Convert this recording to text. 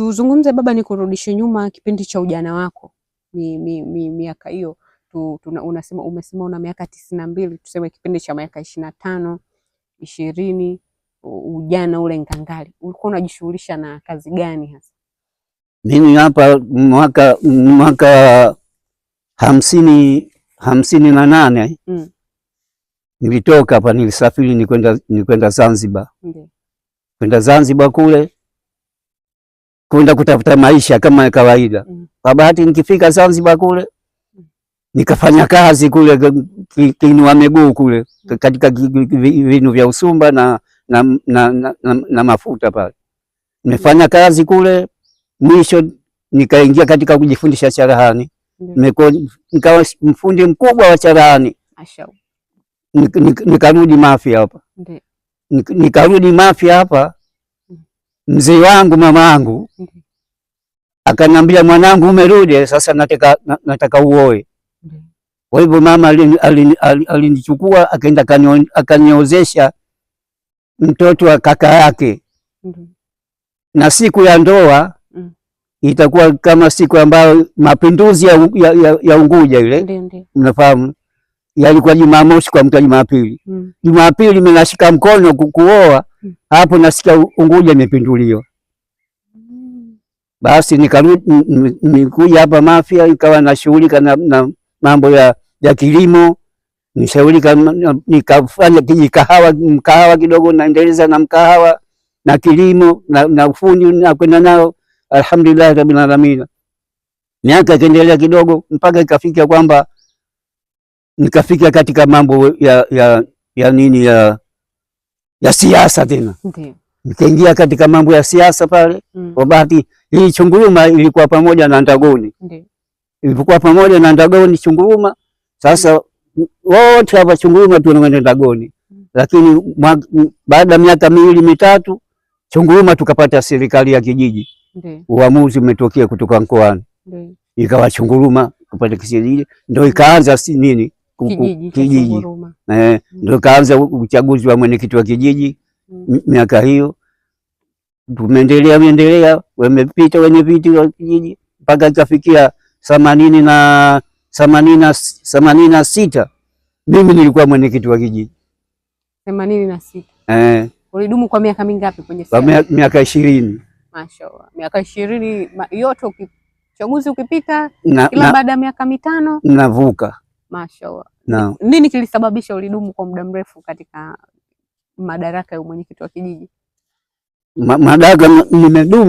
Tuzungumze baba, nikurudishe nyuma kipindi cha ujana wako, mi, mi, mi, miaka hiyo unasema umesema una miaka tisini na mbili, tuseme kipindi cha miaka ishirini na tano ishirini, ujana ule ngangali, ulikuwa unajishughulisha na kazi gani hasa? Mimi hapa mwaka mwaka hamsini hamsini na nane mm. nilitoka hapa, nilisafiri nikwenda nikwenda Zanzibar kwenda Zanzibar kule kwenda kutafuta maisha kama kawaida. Mm. Kwa bahati nikifika Zanzibar kule mm. nikafanya kazi kule kiinua miguu kule mm. katika vinu vya Usumba na, na, na, na, na, na mafuta pale nimefanya kazi kule, mwisho nikaingia katika kujifundisha charahani Meko, nikawa mfundi mkubwa wa cherehani nikarudi nika Mafia hapa nikarudi nika Mafia hapa mzee wangu mama yangu mhm. akanambia, mwanangu, umerudi sasa, nataka nataka uoe. Mhm. Kwa hivyo mama alinichukua akaenda akaniozesha mtoto wa kaka yake, mhm. na siku ya ndoa mm. itakuwa kama siku ambayo mapinduzi ya, ya, ya, ya Unguja ile mnafahamu, yalikuwa Jumamosi kwa mtu Jumapili. Mm. Jumapili mimi nashika mkono kukuoa hapo nasikia Unguja imepinduliwa. Basi nikarudi nikuja hapa Mafia, ikawa nashughulika na, na mambo ya, ya kilimo nishaghulika, nikafanya kijikahawa mkahawa kidogo, naendeleza na mkahawa na kilimo na, na ufundi nakwenda nao, alhamdulillah rabbil alamin. Miaka ikaendelea kidogo mpaka ikafika kwamba nikafika katika mambo ya, ya, ya nini ya ya siasa tena. Nikaingia katika mambo ya siasa pale mm. Kwa bahati hii Chunguruma ilikuwa pamoja na Ndagoni. ndio Ilikuwa pamoja na Ndagoni Chunguruma. Sasa wote hapa Chunguruma tunaenda Ndagoni. Mm. Lakini baada ya miaka miwili mitatu Chunguruma tukapata serikali ya kijiji. ndio Uamuzi umetokea kutoka mkoani. Ikawa Chunguruma kupata kijiji ndio ikaanza si nini kijiji eh, ndio kaanza uchaguzi wa mwenyekiti wa kijiji mm. miaka hiyo. Tumeendelea endelea, wamepita wenye viti wa kijiji mpaka ikafikia themanini na themanini na sita mimi nilikuwa mwenyekiti wa kijiji themanini na sita. Eh, ulidumu kwa miaka mingapi kwenye kwa Miaka ishirini. Mashaallah, miaka ishirini yote, uchaguzi ukipita, kila baada ya miaka mitano navuka Masho, Naam. Nini kilisababisha ulidumu kwa muda mrefu katika madaraka ya mwenyekiti wa kijiji? Ma, madaraka nimedumu